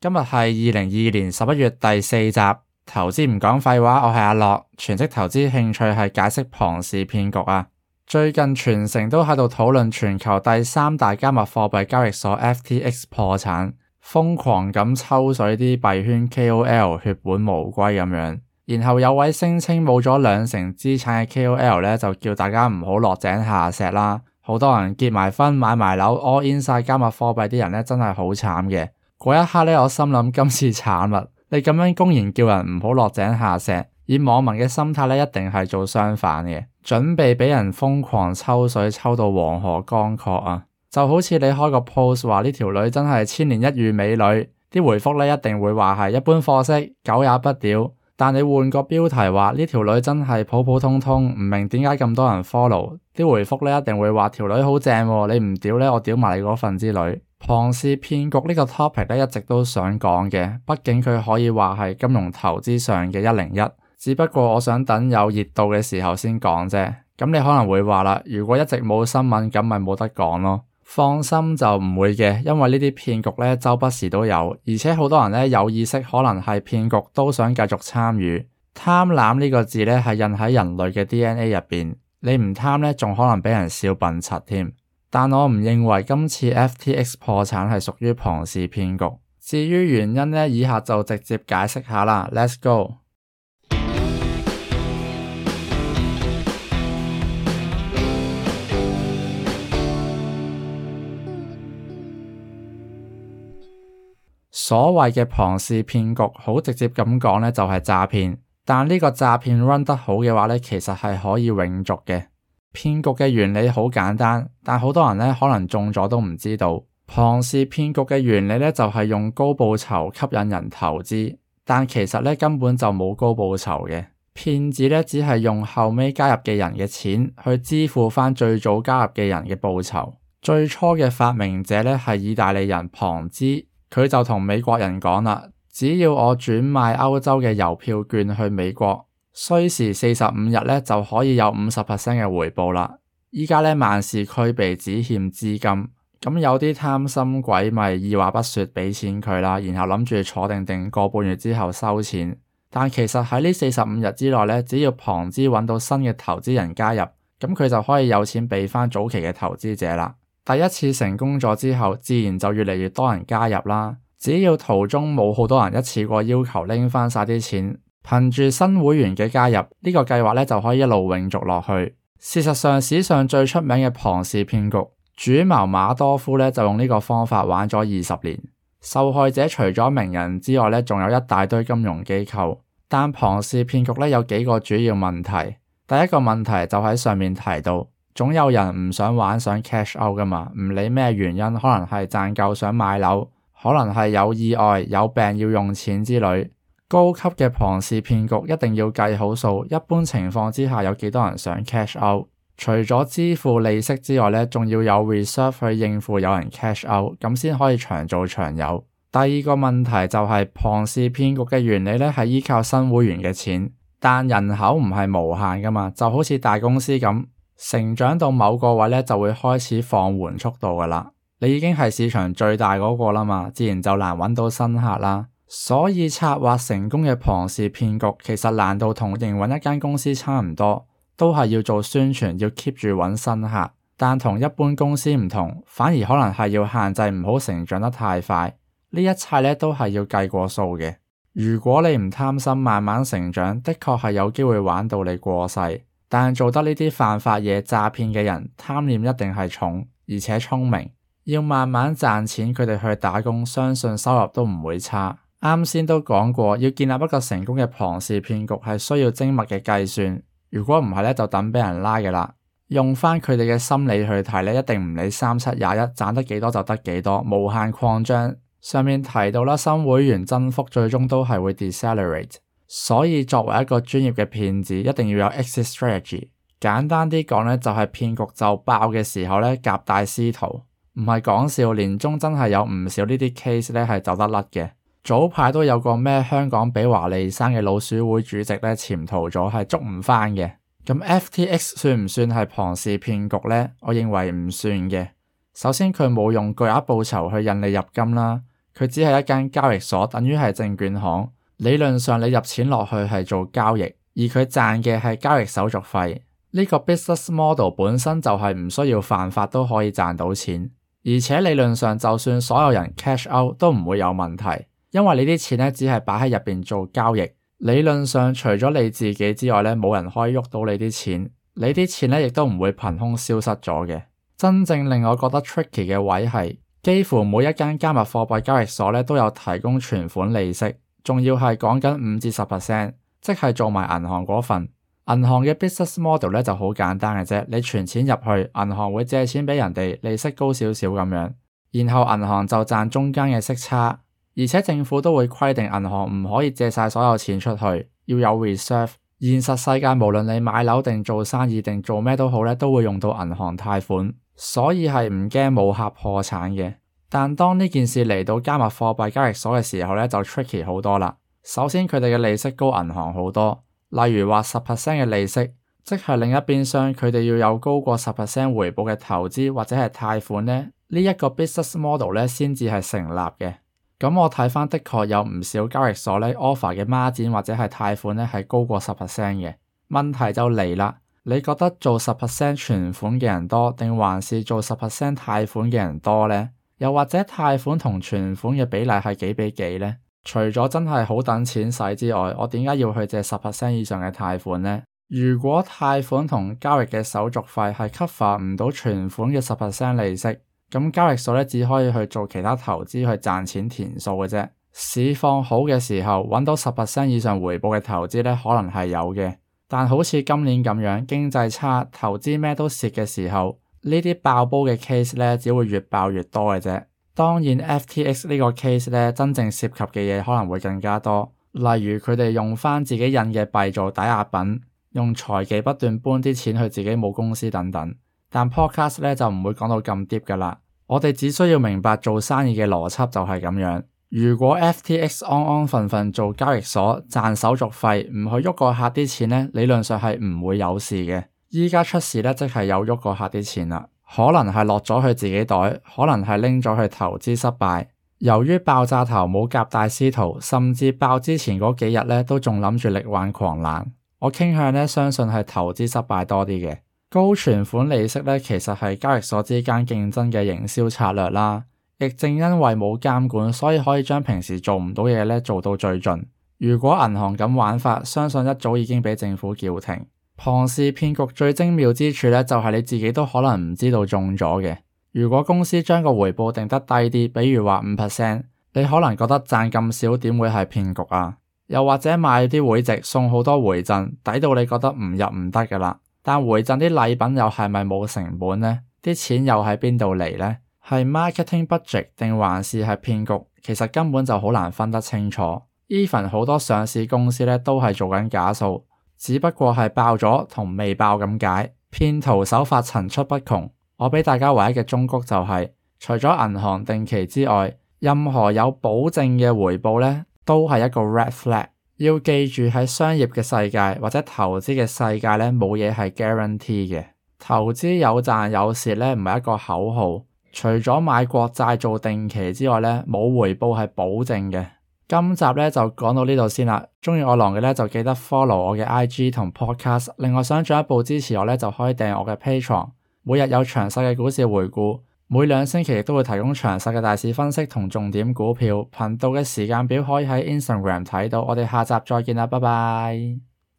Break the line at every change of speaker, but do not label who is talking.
今日係二零二二年十一月第四集，投資唔講廢話。我係阿樂，全職投資興趣係解釋龐氏騙局啊。最近全城都喺度討論全球第三大加密貨幣交易所 FTX 破產，瘋狂咁抽水啲幣圈 KOL，血本無歸咁樣。然後有位聲稱冇咗兩成資產嘅 KOL 呢，就叫大家唔好落井下石啦。好多人結埋婚、買埋樓，all in 晒加密貨幣啲人呢，真係好慘嘅。嗰一刻咧，我心諗今次慘啦！你咁樣公然叫人唔好落井下石，以網民嘅心態咧，一定係做相反嘅，準備俾人瘋狂抽水，抽到黃河乾涸啊！就好似你開個 post 話呢條女真係千年一遇美女，啲回覆咧一定會話係一般貨色，狗也不屌。但你換個標題話呢條女真係普普通通，唔明點解咁多人 follow，啲回覆咧一定會話條女好正喎，啊，你唔屌咧，我屌埋你嗰份之旅。龐氏騙局呢個 topic 咧，一直都想講嘅，畢竟佢可以話係金融投資上嘅一零一。只不過我想等有熱度嘅時候先講啫。咁你可能會話啦，如果一直冇新聞，咁咪冇得講咯。放心就唔會嘅，因為呢啲騙局呢周不時都有，而且好多人呢有意識可能係騙局都想繼續參與。貪婪呢個字呢係印喺人類嘅 DNA 入邊，你唔貪呢，仲可能畀人笑笨柒添。但我唔認為今次 FTX 破產係屬於龐氏騙局。至於原因呢，以下就直接解釋下啦。Let's go。所謂嘅龐氏騙局，好直接咁講呢，就係詐騙。但呢個詐騙 run 得好嘅話呢，其實係可以永續嘅。騙局嘅原理好簡單，但好多人呢可能中咗都唔知道。龐氏騙局嘅原理呢，就係用高報酬吸引人投資，但其實呢根本就冇高報酬嘅，騙子呢，只係用後尾加入嘅人嘅錢去支付翻最早加入嘅人嘅報酬。最初嘅發明者呢，係意大利人龐茲，佢就同美國人講啦，只要我轉賣歐洲嘅郵票券去美國。需時四十五日咧，就可以有五十 percent 嘅回報啦。而家咧，萬事俱備，只欠資金。咁有啲貪心鬼咪二話不說畀錢佢啦，然後諗住坐定定個半月之後收錢。但其實喺呢四十五日之內咧，只要龐氏搵到新嘅投資人加入，咁佢就可以有錢畀翻早期嘅投資者啦。第一次成功咗之後，自然就越嚟越多人加入啦。只要途中冇好多人一次過要求拎翻晒啲錢。憑住新會員嘅加入，呢、這個計劃咧就可以一路永續落去。事實上，史上最出名嘅龐氏騙局主謀馬多夫咧就用呢個方法玩咗二十年。受害者除咗名人之外呢，仲有一大堆金融機構。但龐氏騙局呢，有幾個主要問題。第一個問題就喺上面提到，總有人唔想玩，想 cash out 㗎嘛。唔理咩原因，可能係賺夠想買樓，可能係有意外、有病要用錢之類。高級嘅龐氏騙局一定要計好數，一般情況之下有幾多人想 cash out，除咗支付利息之外咧，仲要有 reserve 去應付有人 cash out，咁先可以長做長有。第二個問題就係、是、龐氏騙局嘅原理咧係依靠新會員嘅錢，但人口唔係無限噶嘛，就好似大公司咁，成長到某個位咧就會開始放緩速度噶啦，你已經係市場最大嗰個啦嘛，自然就難揾到新客啦。所以策劃成功嘅龐氏騙局，其實難度同營運一間公司差唔多，都係要做宣傳，要 keep 住搵新客。但同一般公司唔同，反而可能係要限制唔好成長得太快。呢一切咧都係要計過數嘅。如果你唔貪心，慢慢成長，的確係有機會玩到你過世。但做得呢啲犯法嘢詐騙嘅人，貪念一定係重，而且聰明，要慢慢賺錢，佢哋去打工，相信收入都唔會差。啱先都講過，要建立一個成功嘅龐氏騙局係需要精密嘅計算。如果唔係咧，就等俾人拉嘅啦。用翻佢哋嘅心理去睇咧，一定唔理三七廿一，賺得幾多，就得幾多，無限擴張。上面提到啦，新會員增幅最終都係會 decelerate。所以作為一個專業嘅騙子，一定要有 exit strategy。簡單啲講呢，就係、是、騙局就爆嘅時候呢，夾帶私逃，唔係講笑。年中真係有唔少呢啲 case 咧，係走得甩嘅。早排都有個咩香港比華利山嘅老鼠會主席咧，潛逃咗，係捉唔翻嘅。咁 FTX 算唔算係龐氏騙局咧？我認為唔算嘅。首先佢冇用巨額報酬去引你入金啦，佢只係一間交易所，等於係證券行。理論上你入錢落去係做交易，而佢賺嘅係交易手續費。呢個 business model 本身就係唔需要犯法都可以賺到錢，而且理論上就算所有人 cash out 都唔會有問題。因為你啲錢呢只係擺喺入面做交易，理論上除咗你自己之外咧，冇人可以喐到你啲錢。你啲錢咧亦都唔會憑空消失咗嘅。真正令我覺得 tricky 嘅位係，幾乎每一間加密貨幣交易所咧都有提供存款利息，仲要係講緊五至十 percent，即係做埋銀行嗰份。銀行嘅 business model 咧就好簡單嘅啫，你存錢入去，銀行會借錢俾人哋，利息高少少咁樣，然後銀行就賺中間嘅息差。而且政府都會規定銀行唔可以借晒所有錢出去，要有 reserve。現實世界無論你買樓定做生意定做咩都好咧，都會用到銀行貸款，所以係唔驚冇客破產嘅。但當呢件事嚟到加密貨幣交易所嘅時候咧，就 tricky 好多啦。首先佢哋嘅利息高銀行好多，例如話十 percent 嘅利息，即係另一邊廂佢哋要有高過十 percent 回報嘅投資或者係貸款咧，這個、呢一個 business model 咧先至係成立嘅。咁我睇翻的確有唔少交易所呢 offer 嘅孖展或者係貸款呢係高過十 percent 嘅，的問題就嚟啦。你覺得做十 percent 存款嘅人多，定還是做十 percent 貸款嘅人多呢？又或者貸款同存款嘅比例係幾比幾呢？除咗真係好等錢使之外，我點解要去借十 percent 以上嘅貸款呢？如果貸款同交易嘅手續費係 cover 唔到存款嘅十 percent 利息？咁交易所咧只可以去做其他投資去賺錢填數嘅啫。市況好嘅時候，揾到十 percent 以上回報嘅投資咧可能係有嘅。但好似今年咁樣經濟差，投資咩都蝕嘅時候，呢啲爆煲嘅 case 咧只會越爆越多嘅啫。當然，FTX 呢個 case 咧真正涉及嘅嘢可能會更加多，例如佢哋用翻自己印嘅幣做抵押品，用財技不斷搬啲錢去自己冇公司等等。但 podcast 咧就唔會講到咁 deep 噶啦，我哋只需要明白做生意嘅邏輯就係咁樣。如果 FTX 安安分分做交易所賺手續費，唔去喐個客啲錢呢，理論上係唔會有事嘅。而家出事呢，即係有喐個客啲錢啦，可能係落咗佢自己袋，可能係拎咗去投資失敗。由於爆炸頭冇夾帶私逃，甚至爆之前嗰幾日呢，都仲諗住力挽狂瀾，我傾向呢，相信係投資失敗多啲嘅。高存款利息呢，其實係交易所之間競爭嘅營銷策略啦。亦正因為冇監管，所以可以將平時做唔到嘢呢做到最盡。如果銀行咁玩法，相信一早已經畀政府叫停。龐氏騙局最精妙之處呢，就係你自己都可能唔知道中咗嘅。如果公司將個回報定得低啲，比如話五 percent，你可能覺得賺咁少點會係騙局啊？又或者買啲會籍送好多回贈，抵到你覺得唔入唔得噶啦。但回贈啲禮品又係咪冇成本呢？啲錢又喺邊度嚟呢？係 Marketing Budget 定還是係騙局？其實根本就好難分得清楚。Even 好多上市公司呢都係做緊假數，只不過係爆咗同未爆咁解。騙徒手法層出不窮。我俾大家唯一嘅忠告就係：除咗銀行定期之外，任何有保證嘅回報呢，都係一個 Red Flag。要記住，喺商業嘅世界或者投資嘅世界呢，冇嘢係 guarantee 嘅。投資有賺有蝕呢，唔係一個口號。除咗買國債做定期之外呢，冇回報係保證嘅。今集呢就講到呢度先啦。中意我狼嘅呢，就記得 follow 我嘅 IG 同 podcast。另外想進一步支持我呢，就可以訂閱我嘅 Patreon。每日有詳細嘅股市回顧。每兩星期都會提供詳細嘅大市分析同重點股票頻道嘅時間表，可以喺 Instagram 睇到。我哋下集再見啦，拜拜。